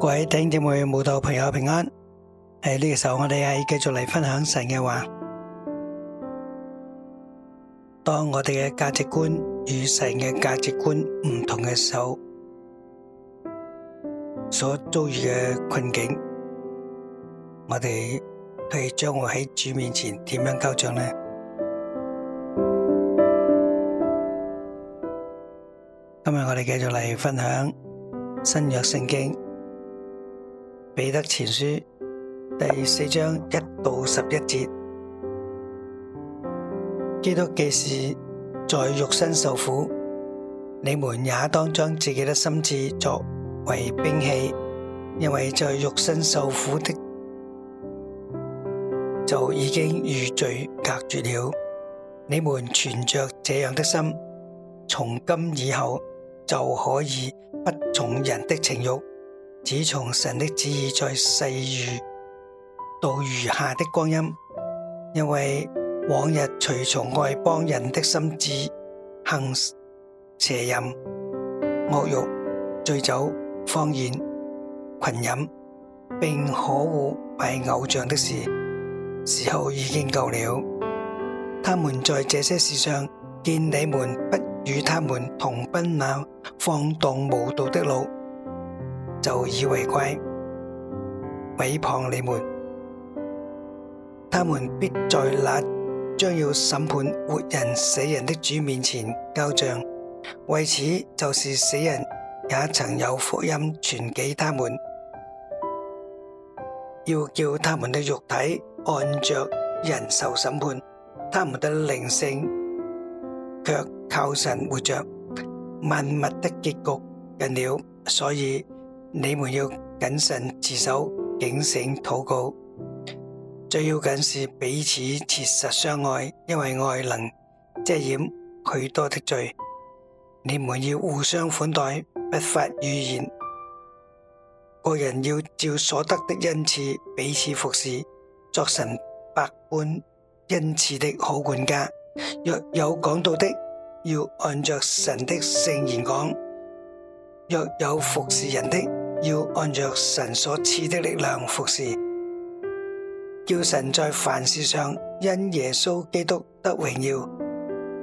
各位頂點會信徒朋友平安，喺呢個時候我哋係繼續嚟分享神嘅話。當我哋嘅價值觀與神嘅價值觀唔同嘅時候，所遭遇嘅困境，我哋係將會喺主面前點樣交賬呢？今日我哋繼續嚟分享新約聖經。彼得前書第四章一到十一節：基督既是在肉身受苦，你們也當將自己的心智作為兵器，因為在肉身受苦的，就已經與罪隔絕了。你們存着這樣的心，從今以後就可以不從人的情欲。只從神的旨意在世預到餘下的光陰，因為往日隨從外邦人的心智，行邪淫、惡欲、醉酒、荒宴、群飲，並可惡拜偶像的事，時候已經夠了。他們在這些事上見你們不與他們同奔那放蕩無度的路。就以為怪，誹謗你們，他們必在那將要審判活人死人的主面前交賬。為此，就是死人也曾有福音傳給他們，要叫他們的肉體按着人受審判，他們的靈性却靠神活着。萬物的結局近了，所以。你們要謹慎自守，警醒禱告，最要緊是彼此切實相愛，因為愛能遮掩許多的罪。你們要互相款待，不發怨言。各人要照所得的恩賜彼此服侍，作神百般恩賜的好管家。若有講道的，要按着神的聖言講；若有服侍人的，要按着神所賜的力量服侍，叫神在凡事上因耶穌基督得榮耀。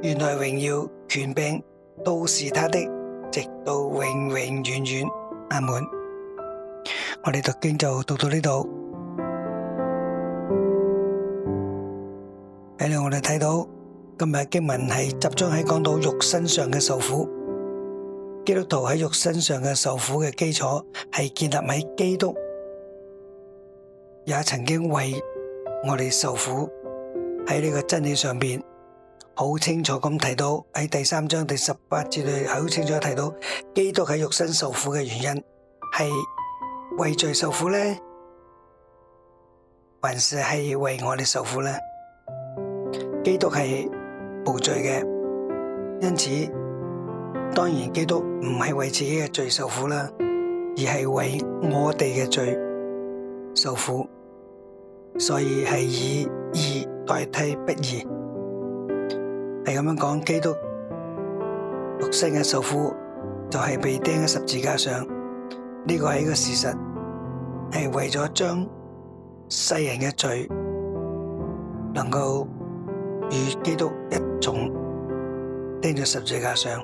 原來榮耀權柄都是他的，直到永永遠遠。阿門。我哋讀經就讀到呢度。喺度我哋睇到今日經文係集中喺講到肉身上嘅受苦。基督徒喺肉身上嘅受苦嘅基礎係建立喺基督也曾經為我哋受苦。喺呢個真理上邊，好清楚咁提到喺第三章第十八節裏，好清楚提到基督喺肉身受苦嘅原因係為罪受苦咧，還是係為我哋受苦咧？基督係無罪嘅，因此。當然，基督唔係為自己嘅罪受苦啦，而係為我哋嘅罪受苦，所以係以義代替不義，係咁樣講。基督六星嘅受苦就係被釘喺十字架上，呢、這個係一個事實，係為咗將世人嘅罪能夠與基督一同釘喺十字架上，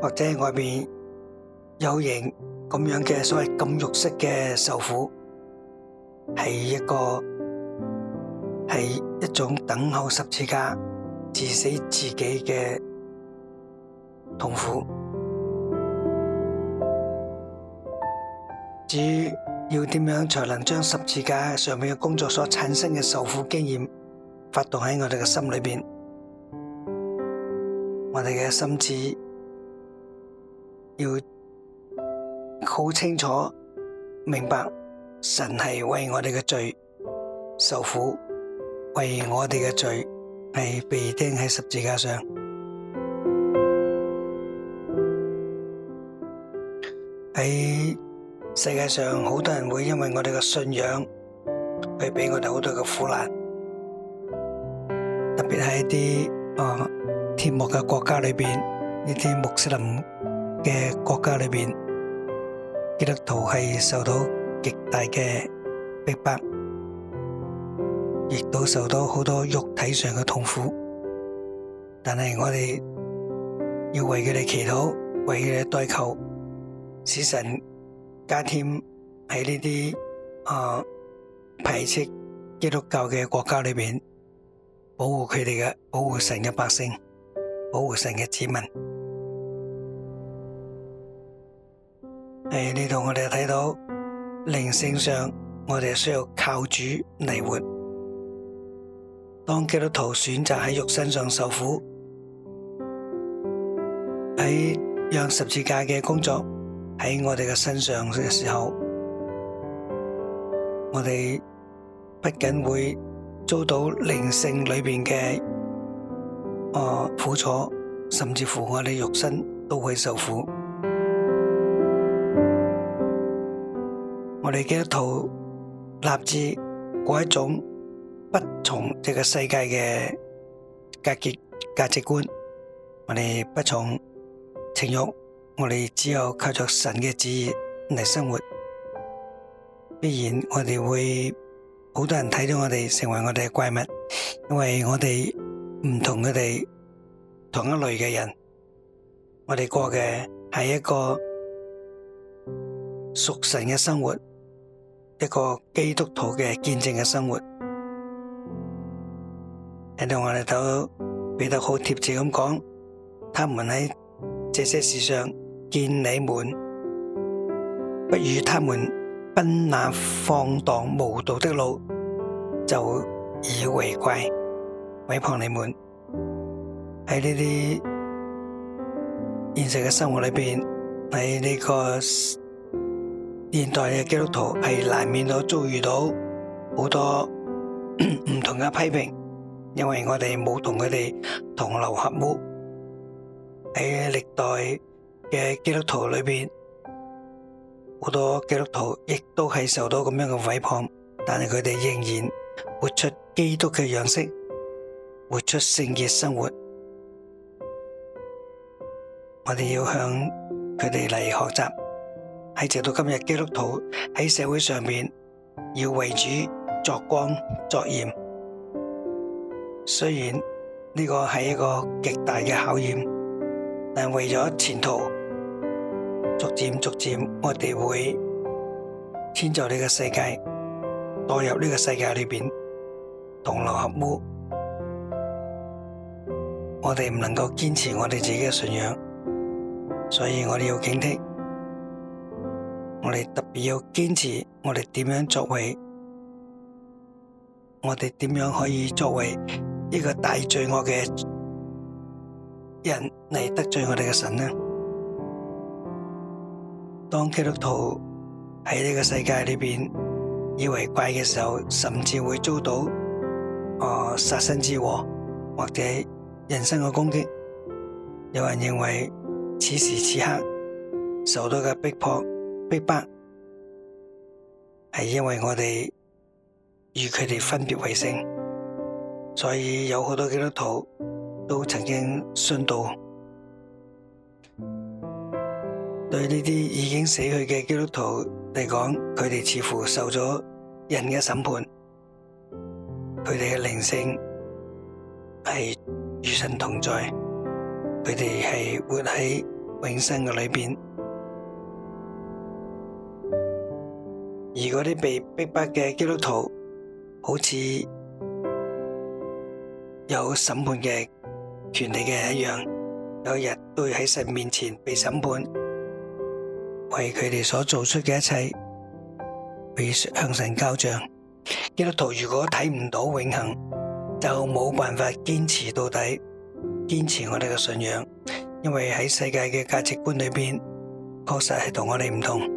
或者外面有形咁樣嘅所謂禁慾式嘅受苦，係一個係一種等候十字架致死自己嘅痛苦。至於要點樣才能將十字架上面嘅工作所產生嘅受苦經驗發動喺我哋嘅心裏邊？我哋嘅心智。要好清楚明白，神係為我哋嘅罪受苦，為我哋嘅罪係被釘喺十字架上。喺世界上，好多人會因為我哋嘅信仰，去畀我哋好多嘅苦難，特別喺一啲啊貼膜嘅國家裏邊，呢啲穆斯林，嘅國家裏邊，基督徒係受到極大嘅逼迫，亦都受到好多肉體上嘅痛苦。但係我哋要為佢哋祈禱，為佢哋代求，使神加添喺呢啲啊排斥基督教嘅國家裏邊，保護佢哋嘅，保護神嘅百姓，保護神嘅子民。喺呢度我哋睇到靈性上，我哋需要靠主嚟活。當基督徒選擇喺肉身上受苦，喺讓十字架嘅工作喺我哋嘅身上嘅時候，我哋不僅會遭到靈性裏邊嘅誒苦楚，甚至乎我哋肉身都會受苦。我哋嘅一套立志過一種不從這個世界嘅價值價值觀，我哋不從情慾，我哋只有靠着神嘅旨意嚟生活，必然我哋會好多人睇到我哋成為我哋嘅怪物，因為我哋唔同佢哋同一類嘅人，我哋過嘅係一個屬神嘅生活。一個基督徒嘅見證嘅生活，令到我哋都睇到彼得好貼切咁講，他們喺這些事上見你們，不與他們奔那放蕩無度的路，就以為怪，毀謗你們喺呢啲現實嘅生活裏邊喺呢個。現代嘅基督徒係難免都遭遇到好多唔同嘅批評，因為我哋冇同佢哋同流合污。喺歷代嘅基督徒裏邊，好多基督徒亦都係受到咁樣嘅毀謗，但係佢哋仍然活出基督嘅樣式，活出聖潔生活。我哋要向佢哋嚟學習係直到今日，基督徒喺社會上面要為主作光作鹽。雖然呢個係一個極大嘅考驗，但為咗前途，逐漸逐漸，我哋會遷就呢個世界，墮入呢個世界裏面同流合污。我哋唔能夠堅持我哋自己嘅信仰，所以我哋要警惕。我哋特別要堅持，我哋點樣作為？我哋點樣可以作為一個大罪惡嘅人嚟得罪我哋嘅神呢？當基督徒喺呢個世界裏邊以為怪嘅時候，甚至會遭到誒殺身之禍，或者人身嘅攻擊。有人認為此時此刻受到嘅逼迫。北係因為我哋與佢哋分別為聖，所以有好多基督徒都曾經殉道。對呢啲已經死去嘅基督徒嚟講，佢哋似乎受咗人嘅審判，佢哋嘅靈性係與神同在，佢哋係活喺永生嘅裏邊。而嗰啲被逼迫嘅基督徒好似有審判嘅權利嘅一樣，有日都會喺神面前被審判，為佢哋所做出嘅一切，被向神交賬。基督徒如果睇唔到永恒，就冇辦法堅持到底，堅持我哋嘅信仰，因為喺世界嘅價值觀裏邊，確實係同我哋唔同。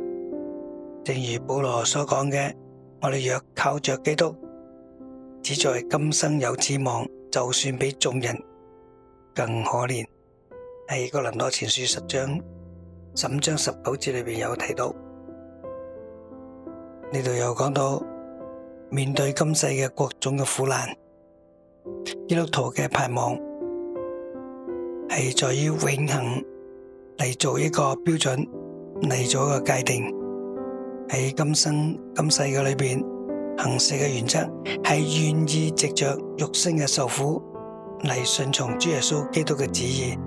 正如保羅所講嘅，我哋若靠着基督，只在今生有指望，就算比眾人更可憐。喺哥林多前書十章十五章十九節裡面有提到，呢度又講到面對今世嘅各種嘅苦難，基督徒嘅盼望係在於永恆嚟，做一個標準嚟做一個界定。喺今生今世嘅裏邊行事嘅原則，係願意藉着肉身嘅受苦嚟順從主耶穌基督嘅旨意，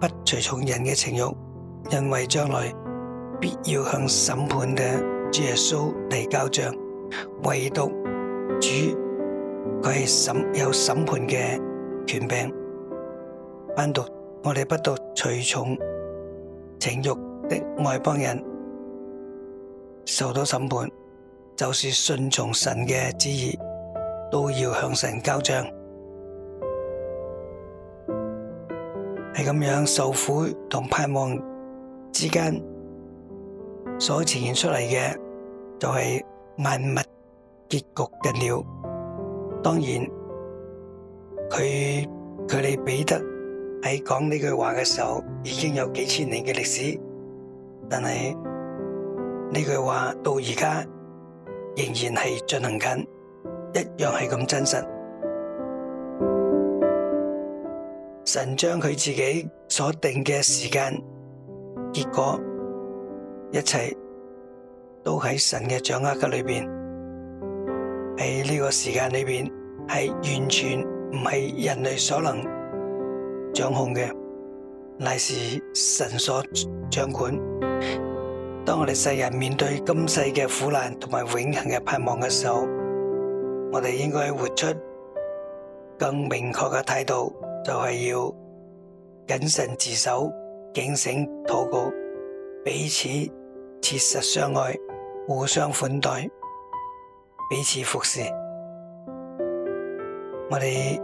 不隨從人嘅情慾，因為將來必要向審判嘅主耶穌嚟交賬。唯獨主佢係審有審判嘅權柄，唯獨我哋不獨隨從情慾的外邦人。受到審判，就是順從神嘅旨意，都要向神交賬。係咁樣受苦同盼望之間所呈現出嚟嘅，就係萬物結局嘅了。當然，佢佢哋彼得喺講呢句話嘅時候，已經有幾千年嘅歷史，但係。呢句話到而家仍然係進行緊，一樣係咁真實。神將佢自己所定嘅時間，結果一切都喺神嘅掌握嘅裏邊，喺呢個時間裏邊係完全唔係人類所能掌控嘅，乃是神所掌管。當我哋世人面對今世嘅苦難同埋永恒嘅盼望嘅時候，我哋應該活出更明確嘅態度，就係要謹慎自守、警醒禱告、彼此切實相愛、互相款待、彼此服侍。我哋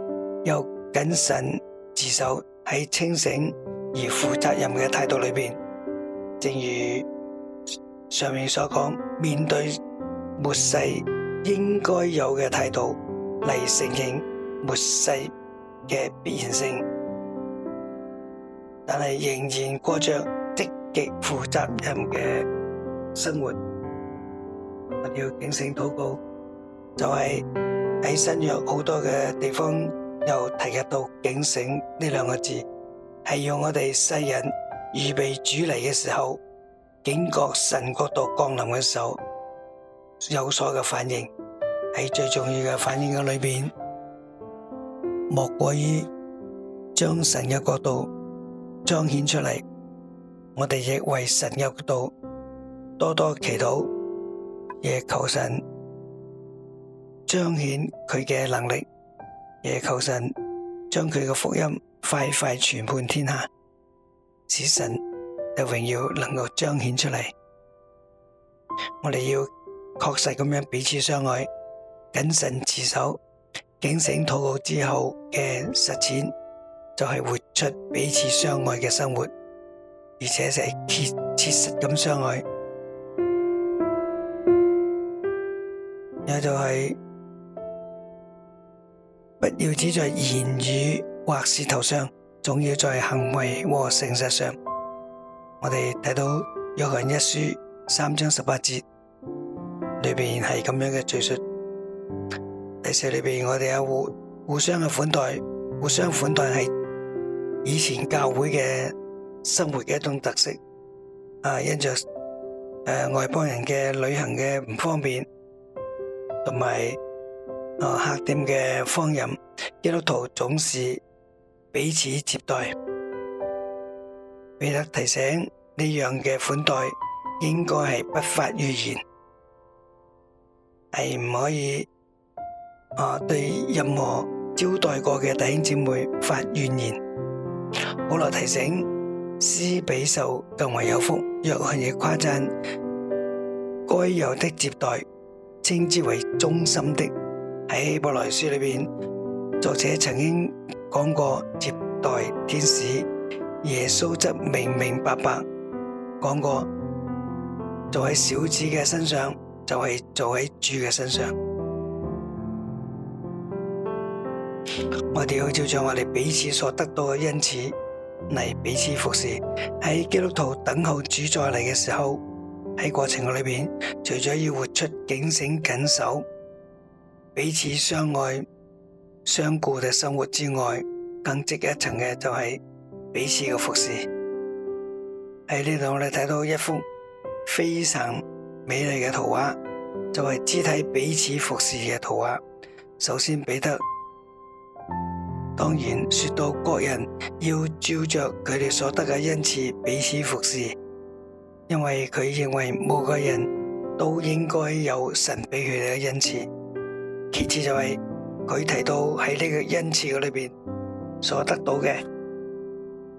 要謹慎自守，喺清醒而負責任嘅態度裏邊，正如。上面所講，面對末世應該有嘅態度，嚟承認末世嘅必然性，但係仍然過着積極負責任嘅生活。我要警醒禱告，就係喺新約好多嘅地方又提及到“警醒”呢兩個字，係要我哋世人預備主嚟嘅時候。警覺神國度降臨嘅時候，有所嘅反應，喺最重要嘅反應嘅裏邊，莫過於將神嘅國度彰顯出嚟。我哋亦為神嘅國度多多祈禱，也求神彰顯佢嘅能力，也求神將佢嘅福音快快傳遍天下。此神。嘅榮耀能夠彰顯出嚟，我哋要確實咁樣彼此相愛，謹慎自守，警醒禱告之後嘅實踐，就係活出彼此相愛嘅生活，而且係切切實咁相愛。有就係不要只在言語或舌頭上，仲要在行為和誠實上。我哋睇到《約翰一書》三章十八節裏邊係咁樣嘅敘述，第四裏邊我哋有互互相嘅款待，互相款待係以前教會嘅生活嘅一種特色。啊，因着誒、呃、外邦人嘅旅行嘅唔方便，同埋啊客店嘅荒淫，基督徒總是彼此接待。彼得提醒呢樣嘅款待應該係不發怨言，係唔可以啊對任何招待過嘅弟兄姊妹發怨言。保羅提醒，施比受更為有福。約翰亦誇讚該樣的接待，稱之為忠心的。喺希伯來書裏邊，作者曾經講過接待天使。耶穌則明明白白講過，做喺小子嘅身上，就係做喺主嘅身上。我哋要照著我哋彼此所得到嘅恩賜，嚟彼此服侍。喺基督徒等候主再嚟嘅時候，喺過程嘅裏邊，除咗要活出警醒緊守、彼此相愛、相顧嘅生活之外，更進一層嘅就係。彼此嘅服侍。喺呢度，我哋睇到一幅非常美麗嘅圖畫，就係肢體彼此服侍嘅圖畫。首先，彼得當然說到各人要照着佢哋所得嘅恩賜彼此服侍，因為佢認為每個人都應該有神俾佢哋嘅恩賜。其次就係、是、佢提到喺呢個恩賜嘅裏邊所得到嘅。.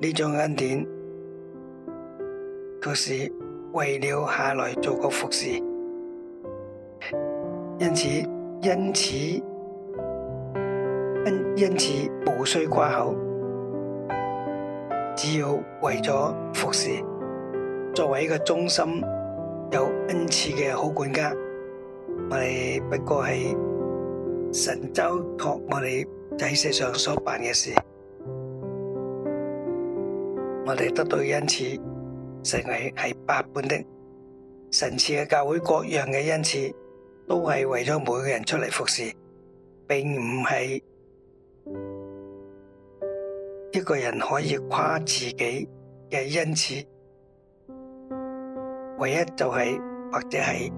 呢種恩典，卻是為了下來做個服侍，因此因此因，因此無需誇口，只要為咗服侍，作為一個忠心有恩賜嘅好管家，我哋不過係神州託我哋喺世上所辦嘅事。我哋得到嘅恩賜，成為係百般的神賜嘅教會各樣嘅恩賜，都係為咗每個人出嚟服侍，並唔係一個人可以誇自己嘅恩賜，唯一就係或者係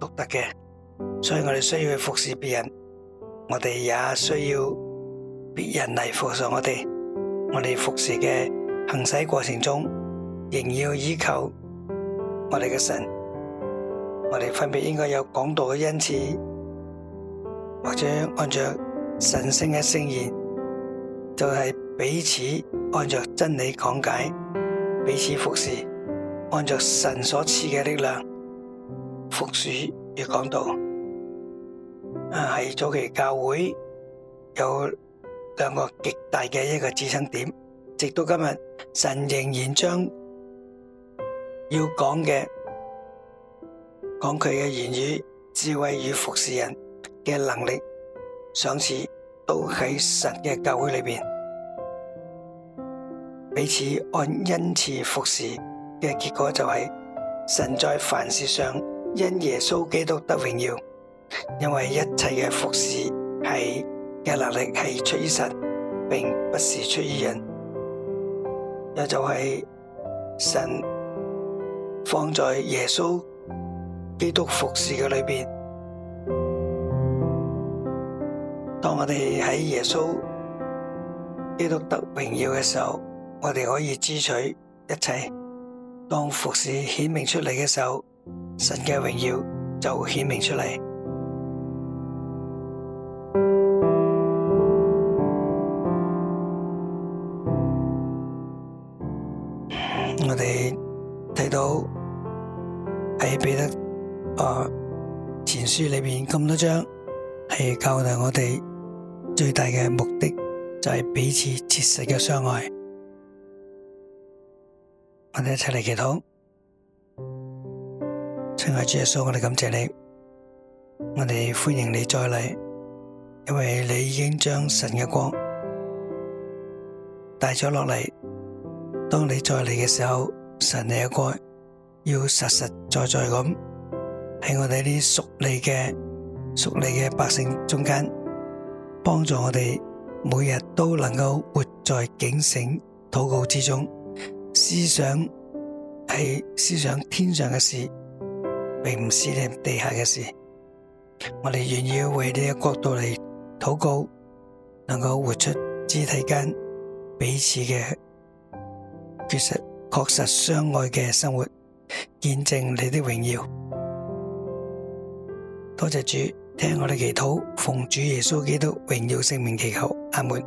獨特嘅。所以我哋需要去服侍別人，我哋也需要別人嚟服侍我哋，我哋服侍嘅。行駛過程中，仍要依靠我哋嘅神，我哋分別應該有講道嘅恩賜，或者按照神聖嘅聖言，就係、是、彼此按照真理講解，彼此服侍，按照神所賜嘅力量服侍與講道。啊，喺早期教會有兩個極大嘅一個支撐點。直到今日，神仍然將要講嘅講佢嘅言語、智慧與服侍人嘅能力，賞賜都喺神嘅教會裏邊，彼此按恩賜服侍嘅結果就係、是、神在凡事上因耶穌基督得榮耀，因為一切嘅服侍係嘅能力係出於神，並不是出於人。也就係神放在耶穌基督服侍嘅裏面。當我哋喺耶穌基督得榮耀嘅時候，我哋可以支取一切。當服侍顯明出嚟嘅時候，神嘅榮耀就顯明出嚟。咁多張係教大我哋最大嘅目的，就係彼此切實嘅相愛。我哋一齊嚟祈禱，親愛主耶穌，我哋感謝你，我哋歡迎你再嚟，因為你已經將神嘅光帶咗落嚟。當你再嚟嘅時候，神你又該要實實在在咁喺我哋啲屬你嘅。屬你嘅百姓中間，幫助我哋每日都能夠活在警醒禱告之中。思想係思想天上嘅事，並唔思念地下嘅事。我哋願意為呢一個角度嚟禱告，能夠活出肢體間彼此嘅缺失確實相愛嘅生活，見證你的榮耀。多謝主。聽我哋祈禱，奉主耶穌基督榮耀聖名祈求，阿門。